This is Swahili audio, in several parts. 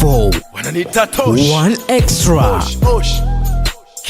four. One extra. Push, push.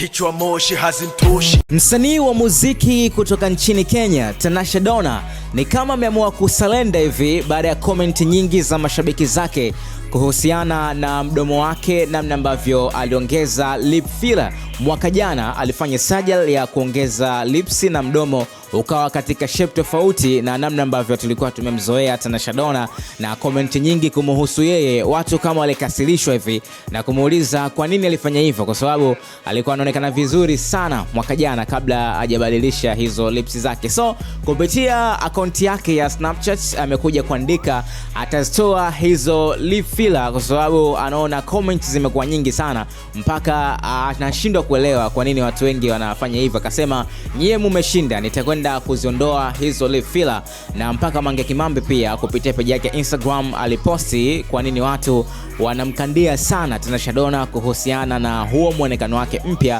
Kichwa moshi hazimtoshi. Msanii wa muziki kutoka nchini Kenya, Tanasha Dona, ni kama ameamua kusalenda hivi baada ya komenti nyingi za mashabiki zake kuhusiana na mdomo wake, namna ambavyo aliongeza lip filler mwaka jana. Alifanya sajal ya kuongeza lipsi na mdomo ukawa katika shape tofauti na namna ambavyo tulikuwa tumemzoea Tanasha Donna, na komenti nyingi kumuhusu yeye, watu kama walikasirishwa hivi na kumuuliza kwa nini alifanya hivyo, kwa sababu alikuwa ameonekana vizuri sana mwaka jana kabla hajabadilisha hizo lips zake. So kupitia akaunti yake ya Snapchat amekuja kuandika atazitoa hizo lip filler, kwa sababu anaona comments zimekuwa nyingi sana mpaka ah, anashindwa kuelewa kwa nini watu wengi wanafanya hivyo. Akasema nyie mumeshinda, nitakwenda kuziondoa hizo lip filler. Na mpaka Mange Kimambi pia kupitia peji yake Instagram aliposti kwa nini watu wanamkandia sana tena shadona kuhusiana na huo mwonekano wake mpya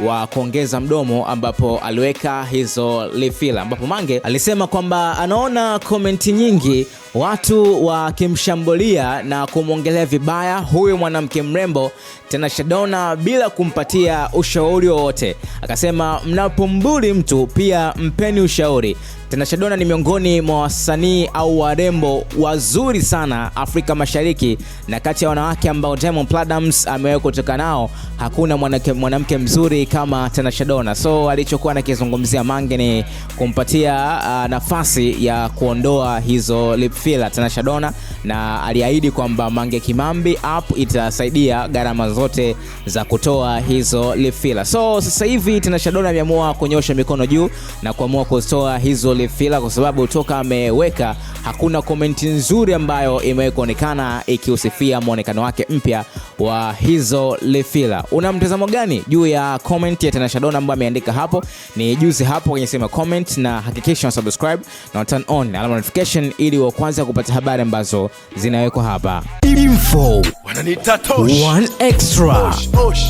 wa kuongeza mdomo, ambapo aliweka hizo lifila, ambapo Mange alisema kwamba anaona komenti nyingi watu wakimshambulia na kumwongelea vibaya huyu mwanamke mrembo, tena Shadona, bila kumpatia ushauri wowote. Akasema mnapombuli mtu pia mpeni ushauri. Tena Shadona ni miongoni mwa wasanii au warembo wazuri sana Afrika Mashariki, na kati ya wanawake ambao Diamond Platnumz amewahi kutoka nao hakuna mwanamke mzuri kama Tanasha So alichokuwa anakizungumzia Mange ni kumpatia uh, nafasi ya kuondoa hizo lip filler Tanasha na aliahidi kwamba Mange Kimambi app itasaidia gharama zote za kutoa hizo lip filler. So sasa hivi Tanasha ameamua kunyosha mikono juu na kuamua kutoa hizo lip filler kwa sababu toka ameweka hakuna komenti nzuri ambayo imewahi kuonekana ikiusifia mwonekano wake mpya wa hizo Lefila. Una mtazamo gani juu ya komenti ya Tanasha ambayo ameandika hapo? Ni juzi hapo kwenye sehemu ya comment, na hakikisha una subscribe na turn on alama notification ili wa kwanza kupata habari ambazo zinawekwa hapa. Info wananiita Tosh. One extra. Tosh, tosh.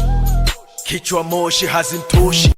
Kichwa moshi